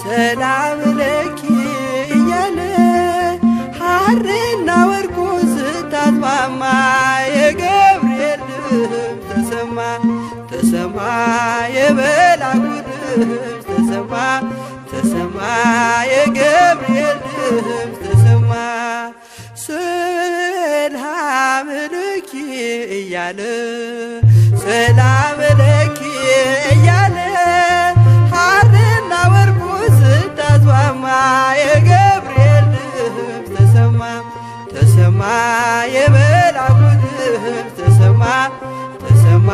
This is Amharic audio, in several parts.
ሰላም ለኪ እያለ ሐርና ወርቁ ስታጥማማ የገብርኤል ድምፅ ተሰማ ተሰማ የመላኩ ድምፅ ተሰማ ተሰማ የገብርኤል ድምፅ ተሰማ ሰላም ለኪ እያለ ሰላም የገብርኤል ድምፅ ተሰማ ተሰማ የመላኩ ድምፅ ተሰማ ተሰማ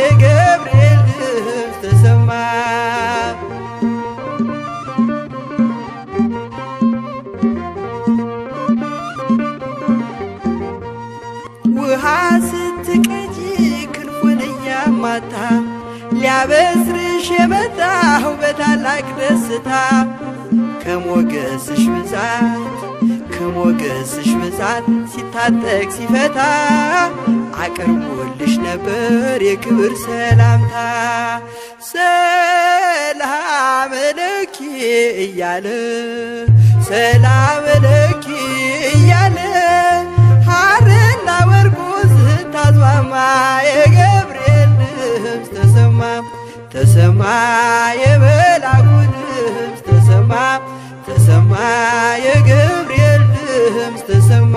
የገብርኤል ድምፅ ተሰማ ውሃ ስትቀጂ ክንፉን እያማታ ሊያበስርሽ የመጣው በታላቅ ደስታ ከሞገስሽ ብዛት ከሞገስሽ ብዛት ሲታጠቅ ሲፈታ አቅርቦልሽ ነበር የክብር ሰላምታ ሰላም ለኪ እያለ ሰላም ለኪ እያለ ሐርና ወርቁ ስታዝማማ የገብርኤል ድምፅ ተሰማ ተሰማ የመላኩ ድምፅ ተሰማ ተሰማ የገብርኤል ድምፅ ተሰማ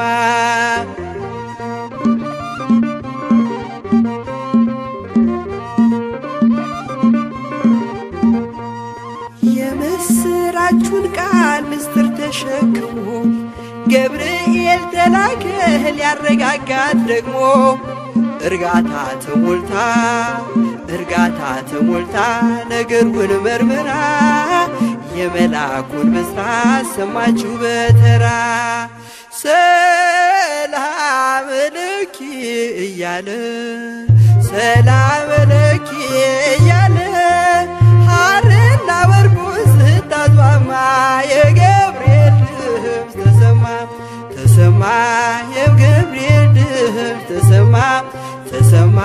የምስራቹን ቃል ምስጢር ተሸክሞ ገብርኤል ተላከል ያረጋጋት ደግሞ እርጋታ ተሞልታ እርጋታ ተሞልታ ነገሩን መርምራ የመልአኩን ብስራት ሰማችሁ በተራ ሰላም ለኪ እያለ ሰላም ለኪ እያለ ሐርና ወርቁ ስታዝማማ የገብርኤል ድምፅ ተሰማ ተሰማ የገብርኤል ድምፅ ተሰማ ተሰማ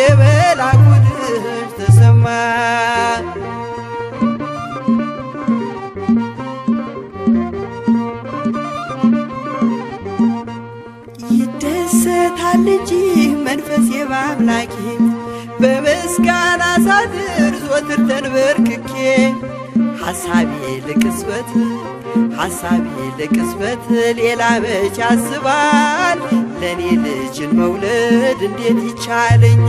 የመላኩ ድምፅ ተሰማ ልጅ መንፈስ የባምላኬ በምስጋና ሳድር ዘወትር ተንበርክኬ ሐሳቤ ለቅጽበት ሐሳቤ ለቅጽበት ሌላ መች ያስባል ለእኔ ልጅን መውለድ እንዴት ይቻለኛ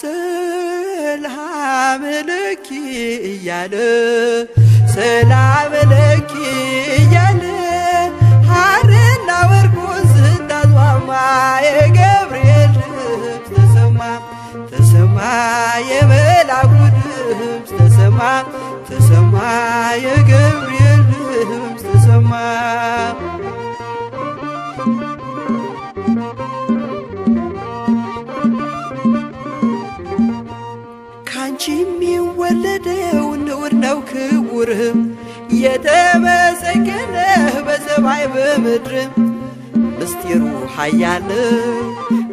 ሰላም ለኪ እያለ ሰላም ለኪ እያለ ሐርና ወርቅ የገብርኤል ድምፅ ተሰማ ተሰማ የመላኩ ድምፅ ተሰማ ተሰማ የገብርኤል ድምፅ ተሰማ ካንቺ የሚወለደው ንዑድ ነው ክቡርህም የተመሰገነህ በሰማይ በምድርም ምስጢሩ ኃያለው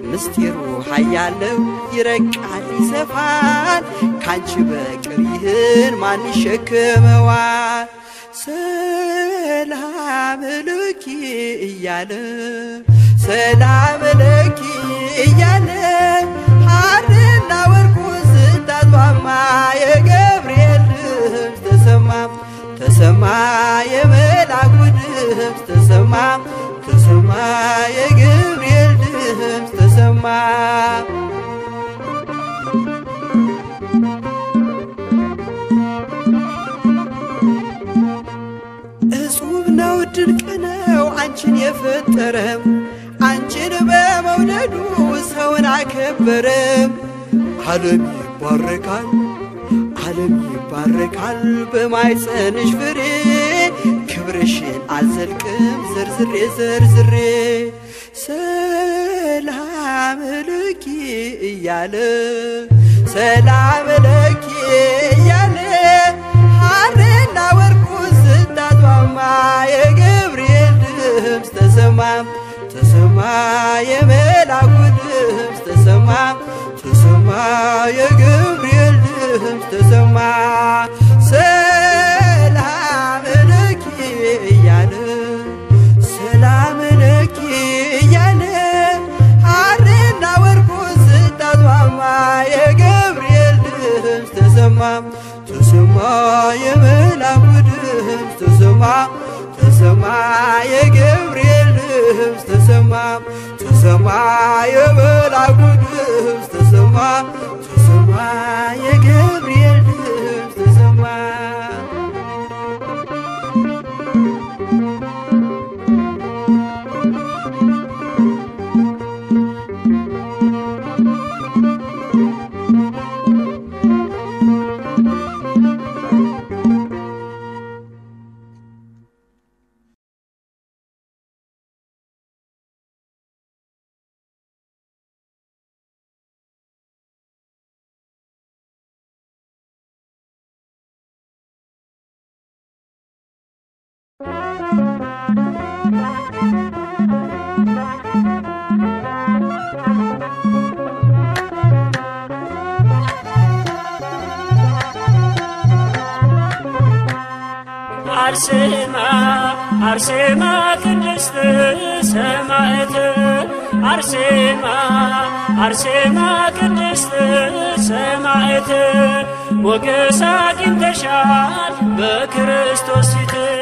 ምስጢሩ ኃያለው ይረቃል ይሰፋል ካንቺ በቀር ይህን ማን ይሸክመዋል? ሰላም ልኪ እያለ ሰላም ልኪ እያለ ሐርና ወርቁን ስታጥማማ የገብርኤል ድምፅ ተሰማ ተሰማ የመላኩ ድምፅ ተሰማ ተሰማ የገብርኤል ድምፅ ተሰማ እጹብ ነው ድንቅ ነው አንቺን የፈጠረም አንቺን በመውደዱ ሰውን አከበረም ዓለም ይባረካል ዓለም ይባረካል በማይፀንሽ ፍሬ ክብርሽን አልዘልቅም ዝርዝሬ ዝርዝሬ ሰላም ለኪ እያለ ሰላም ለኪ እያለ ሐርና ወርቁ ስታጥማማ የገብርኤል ድምፅ ተሰማ ተሰማ የመላኩ ድምፅ ተሰማ ተሰማ የገብርኤል ድምፅ ተሰማ ተሰማ ተሰማ የመላኩ ድምፅ ተሰማ ተሰማ የገብርኤል ድምፅ ተሰማ ተሰማ የመላኩ ድምፅ ተሰማ ተሰማ የገብርኤል አርሴማ አርሴማ ቅድስት ሰማዕት አርሴማ አርሴማ ቅድስት ሰማዕት ሞገስ አግኝተሻል በክርስቶስ ፊት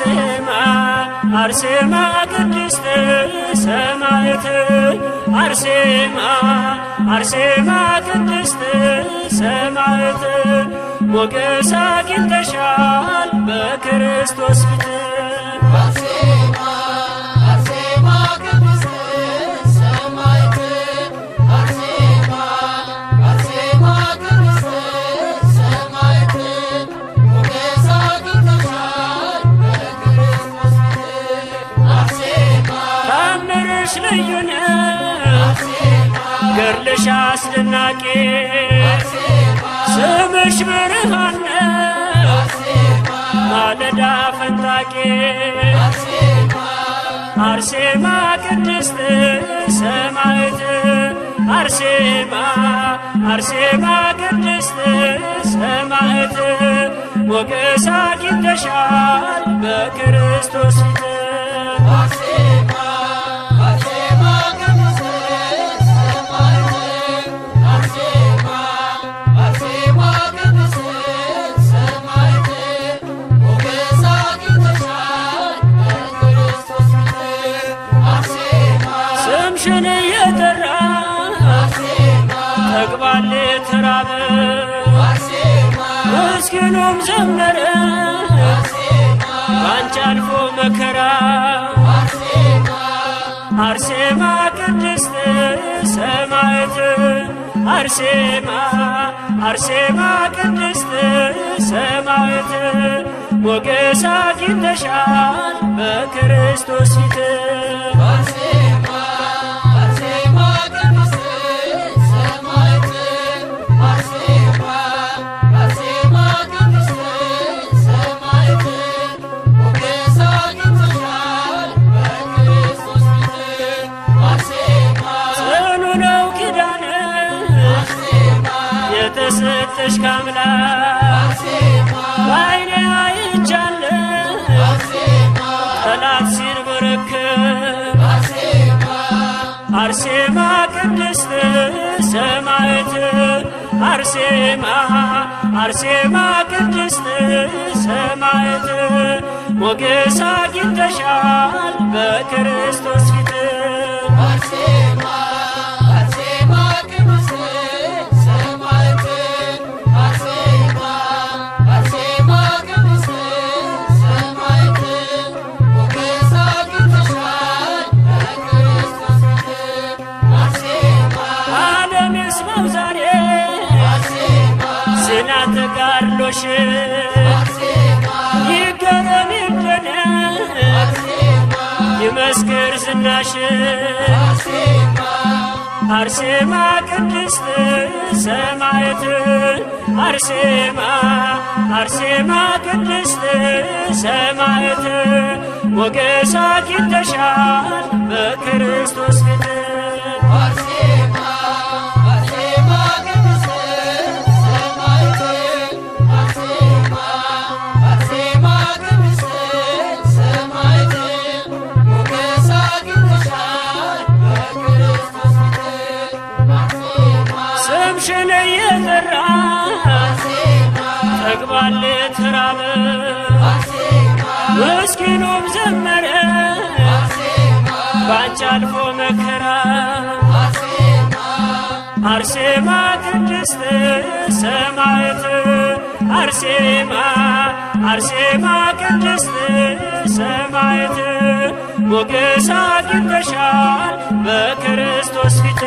አርሴማ አርሴማ ቅድስት ሰማዕት አርሴማ አርሴማ ቅድስት ሰማዕት ሞገሳ አግኝተሻል በክርስቶስ ፊት ስምሽ አስደናቂ ስምሽ ብርሃን ማለዳ ፈንጣቂ አርሴማ ቅድስት ሰማዕት አርሴማ አርሴማ ቅድስት ሰማዕት ሞገስ አግኝተሻል በክርስቶስ ፊት ልትራብ ምስኪኑም ዘመረ ባንቺ አልፎ መከራ አርሴማ ቅድስት ሰማዕት አርሴማ አርሴማ ቅድስት ሰማዕት ሞገሳ አግኝተሻል በክርስቶስ ፊት አርሴማ አርሴማ ቅድስት ሰማዕት ሞገስ አግኝተሻል በክርስቶስ ፊት ዝናሽ አርሴማ ቅድስት ሰማየት አርሴማ አርሴማ ቅድስት ሰማየት ወገሳ ኪደሻል በክርስቶስ ፊት ልብስን እየዘራ ጠግባል ተራበ ምስኪኑም ዘመረ ባንቺ አልፎ መከራ አርሴማ ቅድስት ሰማዕት አርሴማ አርሴማ ቅድስት ሰማዕት ሞገስ አግኝተሻል በክርስቶስ ፊት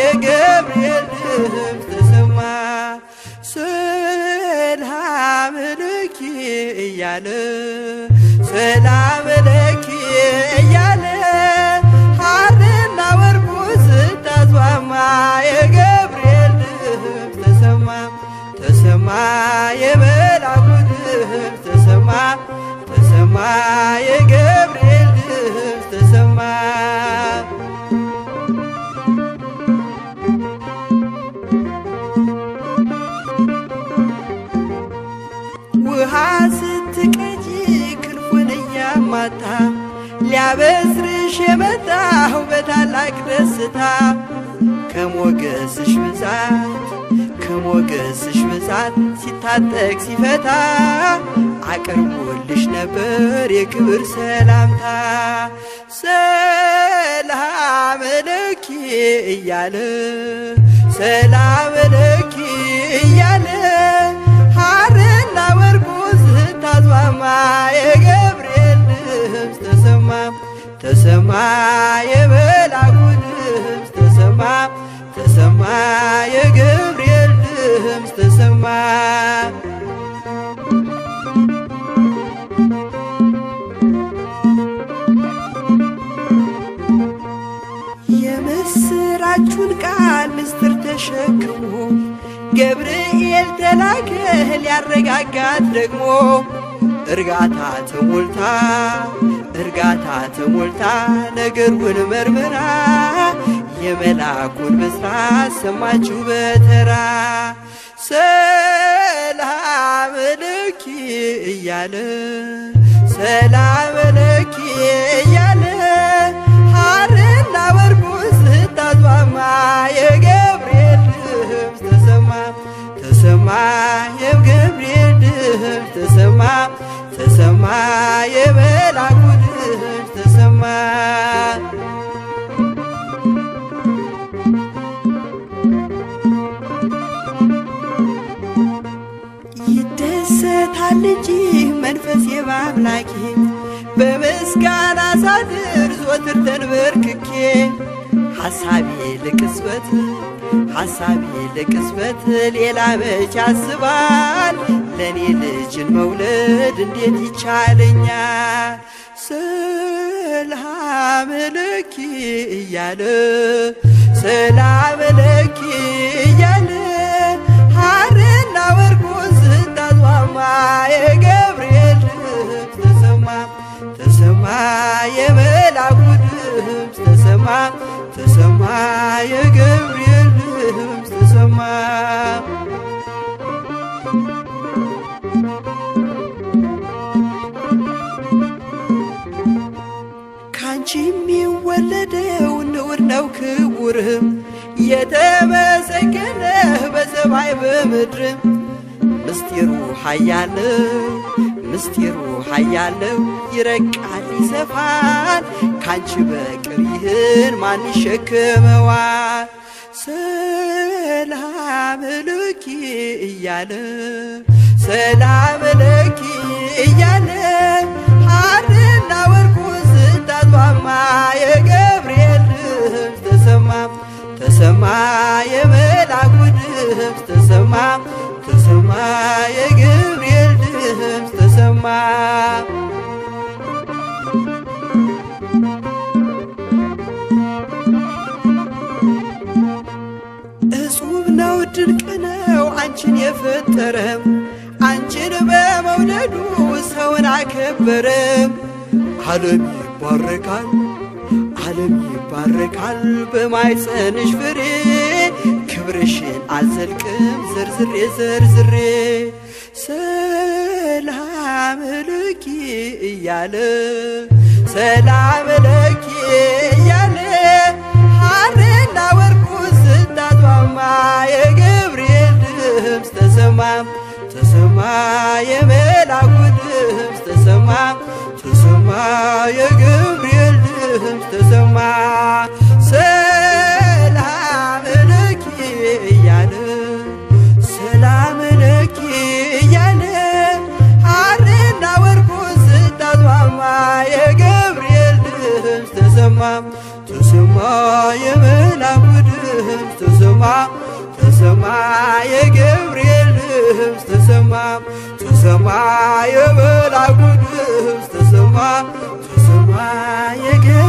የገብርኤል ድምፅ ተሰማ ሰላም ለኪ እያለ ሰላም ለኪ እያለ ሐርና ወርቁ ስታዝማማ የገብርኤል ድምፅ ተሰማ ተሰማ የመላኩ ድምፅ ተሰማ ተሰማ የመጣሁ በታላቅ ደስታ ከሞገስሽ ብዛት ከሞገስሽ ብዛት ሲታጠቅ ሲፈታ አቅርቦልሽ ነበር የክብር ሰላምታ ሰላም ለኪ እያለ ሰላም ለኪ እያለ ተሰማ የመላኩት ድምፅ ተሰማ ተሰማ የገብርኤል ድምፅ ተሰማ የምስራቹን ቃል ምስጢር ተሸክሞ ገብርኤል ተላከ ሊያረጋጋት ደግሞ እርጋታ ተሞልታ እርጋታ ተሞልታ ነገሩን መርምራ የመላኩን ብስራት ሰማችሁ በተራ ሰላም ለኪ እያለ ሰላም ለኪ እያለ ሐርና ወርቁን ስታዝማማ የገብርኤል ድምፅ ተሰማ ተሰማ የገብርኤል ድምፅ ተሰማ ተሰማ የመልአኩ ድምፅህ ተሰማ ይደሰታል ልጅህ መንፈስ የባምላኬ በምስጋና ሳድር ዞትር ተንበርክኬ ሐሳቤ ለቅጽበት ሐሳቤ ለቅጽበት ሌላ መች አስባል ለእኔ ልጅን መውለድ እንዴት ይቻለኛል? ሰላም ለኪ እያለ ሰላም ለኪ እያለ ሐርና ወርቁን ስታዟማ የገብርኤል ድምፅ ተሰማ ተሰማ የመላኩ ድምፅ ተሰማ ተሰማ የገብርኤል ድምፅ ተሰማ የወለደው ንዑድ ነው ክቡርህም የተመሰገነህ በሰማይ በምድርም ምስጢሩ ኃያለው ምስጢሩ ኃያለው ይረቃል ይሰፋል ካንቺ በቀር ይህን ማን ይሸከመዋል? ሰላም ለኪ እያለ ሰላም ለኪ እያለ ሐርና ወርቁ ተስማማ የገብርኤል ድምፅ ተሰማ ተሰማ የመላኩ ድምፅ ተሰማ ተሰማ የገብርኤል ድምፅ ተሰማ እጹብ ነው ድንቅ ነው አንቺን የፈጠረም አንቺን በመውደዱ ሰውን አከበረም ዓለም ይባረካል ዓለም ይባረካል በማይጸንሽ ፍሬ ክብርሽን አልዘልቅም ዘርዝሬ ዘርዝሬ ሰላም ለኪ እያለ ሰላም ለኪ እያለ ሐርና ወርቁ ስታቷማ የገብርኤል ድምፅ ተሰማ ተሰማ የመላኩ ድምፅ ተሰማ ተሰማ የገብርኤል ድምፅ ተሰማ ሰላም ለኪ እያለ ሰላም ለኪ እያለ ሐርና ወርቁን ስታስማማ የገብርኤል ድምፅ ተሰማ ተሰማ የመላኩ ድምፅ ተሰማ ተሰማ የገብርኤል ድምፅ ተሰማ ተሰማ የመላኩ ድምፅ ተስፋ ተሰማ የገ